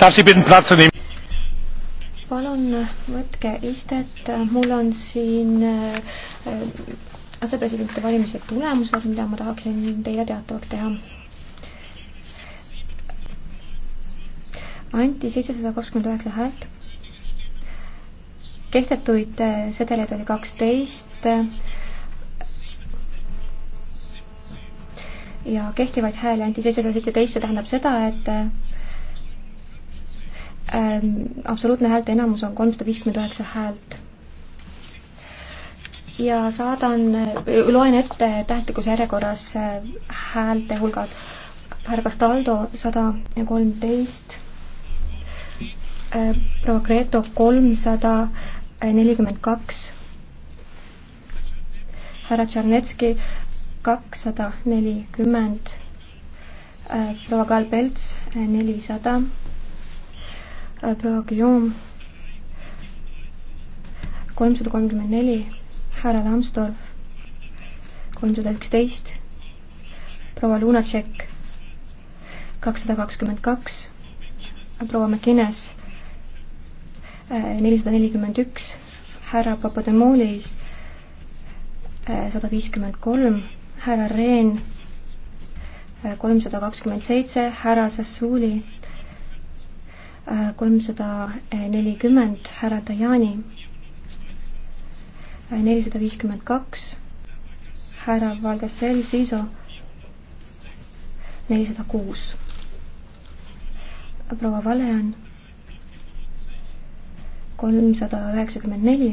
palun võtke istet, mul on siin äh, asepresidentide valimise tulemused, mida ma tahaksin teile teatavaks teha. anti seitsesada kakskümmend üheksa häält. kehtetuid äh, sedeleid oli kaksteist. ja kehtivaid hääli anti seitsesada seitseteist, see tähendab seda, et äh, Ähm, absoluutne häälte enamus on kolmsada viiskümmend üheksa häält. ja saadan, äh, loen ette tähestikus järjekorras äh, häälte hulgad. härra Castaldo sada kolmteist, äh, proua Greto kolmsada nelikümmend kaks, härra Tšernetski kakssada nelikümmend, proua Kalbelts nelisada Äh, proua Guillaume, kolmsada kolmkümmend neli, härra Lambsdorff, kolmsada üksteist, proua Lunatšek, kakssada kakskümmend kaks, proua McInnes, äh, nelisada nelikümmend üks, härra Papademoulis, äh, sada viiskümmend kolm, härra Rehn, kolmsada kakskümmend seitse, härra Sassuuli kolmsada nelikümmend härra Dajani, nelisada viiskümmend kaks härra Valgasel Siiso, nelisada kuus. proua Valean, kolmsada üheksakümmend neli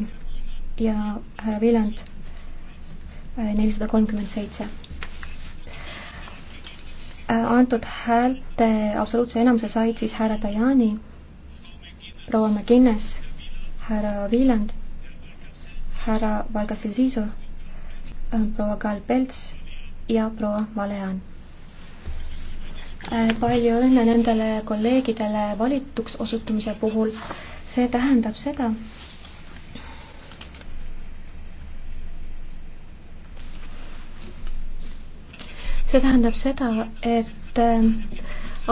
ja härra Viljand, nelisada kolmkümmend seitse antud häälte absoluutse enamuse said siis härra Tajani, proua McGuinness, härra Wieland, härra Valgasil Siisu, proua Karl Pelts ja proua Valean. Äh, palju õnne nendele kolleegidele valituks osutumise puhul. see tähendab seda, see tähendab seda, et äh,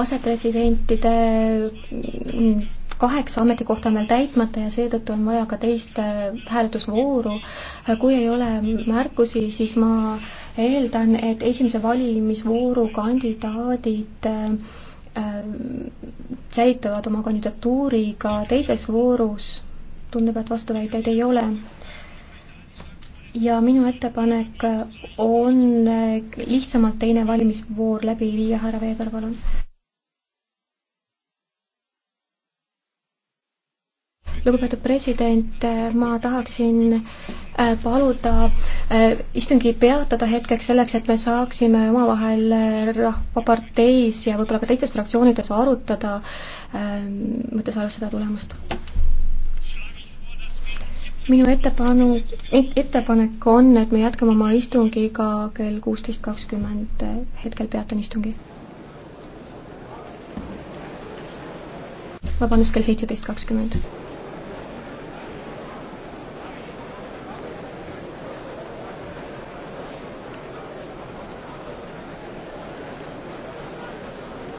asepresidentide mm, kaheksa ametikohta on veel täitmata ja seetõttu on vaja ka teist äh, hääletusvooru. Äh, kui ei ole märkusi, siis ma eeldan, et esimese valimisvooru kandidaadid säilitavad oma kandidatuuri ka teises voorus. tundub, et vastuväiteid ei ole ja minu ettepanek on lihtsamalt teine valimisvoor läbi viia, härra Veeber, palun. lugupeetud president, ma tahaksin äh, paluda äh, istungi peatada hetkeks selleks, et me saaksime omavahel Rahvaparteis ja võib-olla ka teistes fraktsioonides arutada, mõttes äh, arvestada tulemust minu ettepanu et,, ettepanek on, et me jätkame oma istungiga kell kuusteist kakskümmend, hetkel peatan istungi. vabandust, kell seitseteist kakskümmend.